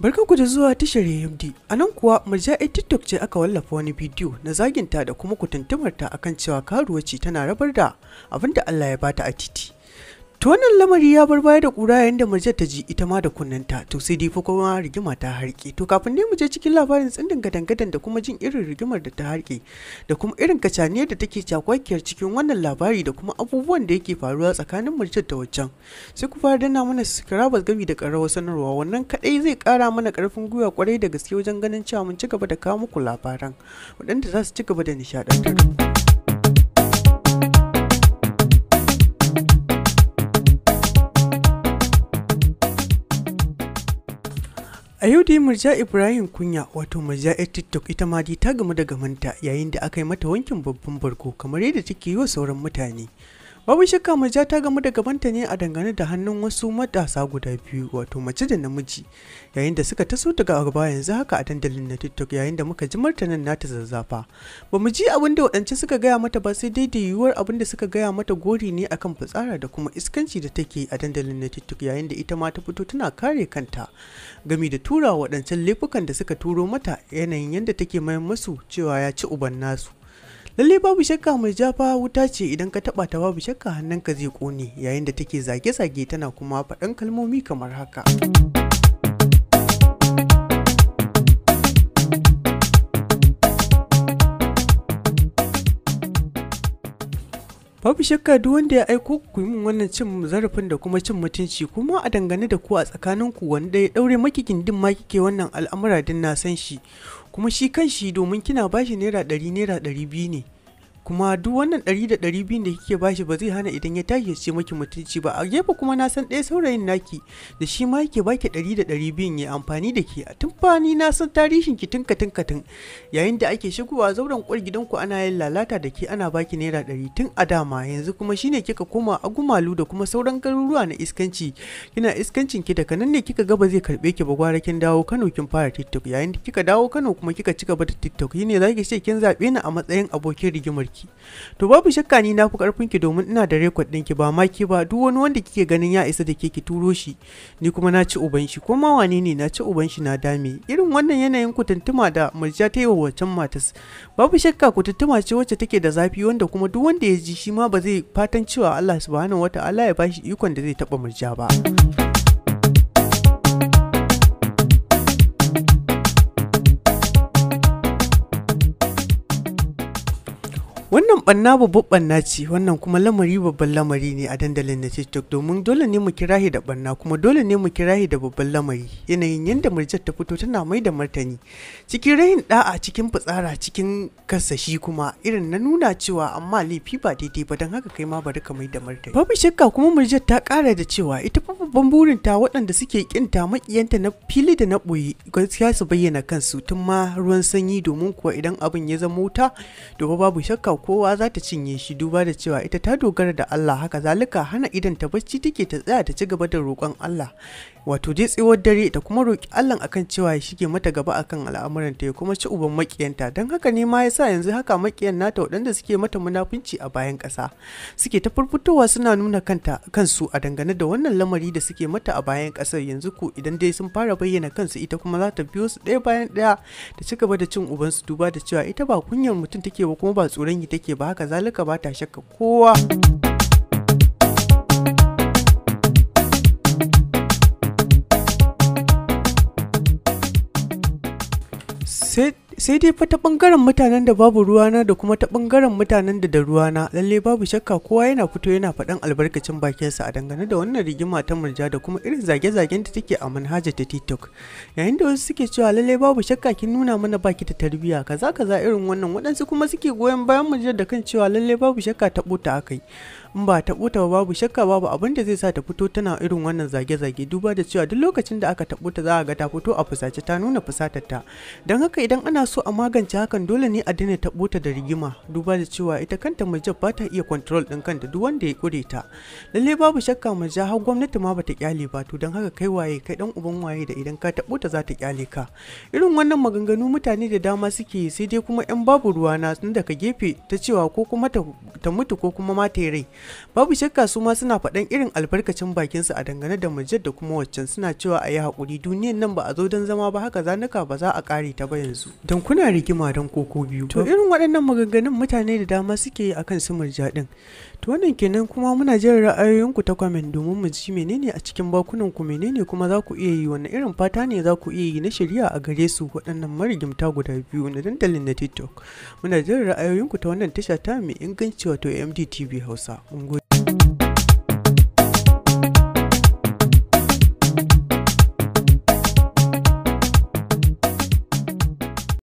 Barkan ku da zuwa tashar AMD. A nan kuwa murja'i TikTok ce aka wallafa wani bidiyo na zaginta da kuma kutuntumarta akan cewa karuwa ce tana rabar da abinda Allah ya bata a titi. to wannan lamari ya bar baya da kura yayin da murja ta ji ita ma da kunnanta to sai dai fa kuma rigima ta harke to kafin ne mu je cikin labarin tsindin gadangadan da kuma jin irin rigimar da ta harke da kuma irin kacaniyar da take cakwakiyar cikin wannan labari da kuma abubuwan da yake faruwa tsakanin murja da waccan sai ku fara danna mana subscribe gami da karawa sanarwa wannan kadai zai kara mana karfin gwiwa kwarai da gaske wajen ganin cewa mun ci gaba da kawo muku labaran waɗanda za su ci gaba da nishaɗantar. A yau dai Murja Ibrahim Kunya wato Murja yar TikTok ita ma dai ta gamu da gamanta yayin da aka yi mata wankin babban barko kamar yadda take yi wa sauran mutane. babu shakka murja ta gamu da gabanta ne a dangane da hannun wasu matasa guda biyu wato mace da namiji yayin da suka taso daga gaba yanzu haka a dandalin na tiktok yayin da muka ji martanin nata zazzafa ba mu ji abin da waɗance suka gaya mata ba sai daidai da yiwuwar abin da suka gaya mata gori ne akan fitsara da kuma iskanci da take a dandalin na tiktok yayin da ita ma ta fito tana kare kanta gami da tura waɗancan laifukan da suka turo mata yanayin yadda take mayan masu cewa ya ci uban nasu lalle babu shakka mai jafa wuta ce idan ka taba ta babu shakka hannun ka zai kone yayin da take zage-zage tana kuma faɗan kalmomi kamar haka Babu shakka duk wanda ya aiko ku min wannan cin zarafin da kuma cin mutunci kuma a dangane da ku a tsakaninku wanda ya ɗaure makikin din ma kike wannan al'amura din na san shi kuma shi kan shi domin kina bashi naira ɗari naira ɗari biyu ne kuma duk wannan ɗari da ɗari biyun da kike bashi ba zai hana idan ya tashi ya ce maki mutunci ba a gefe kuma na san ɗaya saurayin naki da shi ma yake baki ɗari da ɗari biyun ya amfani da ke a tun na san tarihin ki tun katin katin yayin da ake shigowa zauren kwar ku ana yin lalata da ke ana baki naira ɗari tun a dama yanzu kuma shine kika koma agumalu da kuma sauran garuruwa na iskanci kina iskancin ki daga nan ne kika ga ba zai karɓe ki ba gwara kin dawo Kano kin fara TikTok yayin da kika dawo Kano kuma kika ci gaba da TikTok shine zaki ce kin zaɓe ni a matsayin abokin rigimar ki ki to babu shakka ni na fi karfin ki domin ina da rekod din ki ba ma ki ba duk wani wanda kike ganin ya isa da ke ki turo shi ni kuma na ci uban shi kuma wane ne na ci uban shi na dame irin wannan yanayin kutuntuma da murja ta yi wa wancan matas babu shakka kutuntuma ce wacce take da zafi wanda kuma duk wanda ya ji shi ma ba zai fatan cewa Allah subhanahu wataala ya bashi ikon da zai taba murja ba. wannan banna babban banna ce wannan kuma lamari babban lamari ne a dandalin na tiktok domin dole ne mu kirahi da banna kuma dole ne mu kirahi da babban lamari yanayin yadda murjar ta fito tana mai da martani cikin rahin da'a cikin fitsara cikin kasashi kuma irin na nuna cewa amma laifi ba daidai ba don haka kai ma bari ka mai da martani babu shakka kuma murjar ta kara da cewa ita fa babban ta waɗanda suke kinta makiyanta na fili da na ɓoye gaskiya su bayyana kansu tun ma ruwan sanyi domin kuwa idan abin ya zama wuta to babu shakka kowa za ta cinye shi duba da cewa ita ta dogara da Allah haka zalika hana idan ta bacci take ta tsaya ta ci gaba da roƙon Allah wato dai tsewar dare ta kuma roƙi Allah akan cewa ya shige mata gaba akan al'amuran ta ya kuma ci uban makiyanta don haka ne ma yasa yanzu haka makiyan nata waɗanda suke mata munafunci a bayan ƙasa suke ta furfutowa suna nuna kanta kansu a dangane da wannan lamari da suke mata a bayan ƙasar yanzu ko idan dai sun fara bayyana kansu ita kuma za ta biyo su ɗaya bayan ɗaya ta ci gaba da cin uban su duba da cewa ita ba kunyar mutum take ba kuma ba tsoron yi take ba haka zalika ba ta shakka kowa. c'est sai dai fa ta bangaren mutanen da babu ruwana da kuma ta bangaren mutanen da da ruwana lalle babu shakka kowa yana fito yana faɗan albarkacin bakinsa a dangane da wannan rigima ta murja da kuma irin zage-zagen da take a manhaja ta tiktok yayin da wasu suke cewa lalle babu shakka kin nuna mana baki ta tarbiyya kaza kaza irin wannan waɗansu kuma suke goyon bayan murjar da kan cewa lalle babu shakka ta bota akai in ba ta bota babu shakka babu abin da zai sa ta fito tana irin wannan zage-zage duba da cewa duk lokacin da aka taɓo ta za a ga ta fito a fusace ta nuna fusatar ta don haka idan ana so a magance hakan dole ne a daina ta bota da rigima duba da cewa ita kanta majab ba ta iya control din kanta duk wanda ya kure ta lalle babu shakka majab har gwamnati ma bata kyale ba to don haka kai waye kai dan uban waye da idan ka tabo ta za ta kyale ka irin wannan maganganu mutane da dama suke sai dai kuma yan babu ruwa na tun daga gefe ta cewa ko kuma ta mutu ko kuma ma ta rai babu shakka su ma suna faɗan irin albarkacin bakin su a dangane da majab da kuma waccan suna cewa a yi hakuri duniyan nan ba a zo don zama ba haka zanuka ba za a kare ta ba yanzu san kuna rigima don koko biyu to irin waɗannan maganganun mutane da dama suke yi akan su murja din to wannan kenan kuma muna jin ra'ayoyinku ta kwamen domin mu ji menene a cikin bakunan ku menene kuma za ku iya yi wani irin fata ne za ku iya yi na shari'a a gare su waɗannan marigimta guda biyu na dandalin na tiktok muna jin ra'ayoyinku ta wannan tasha ta mai inganci wato mdtv hausa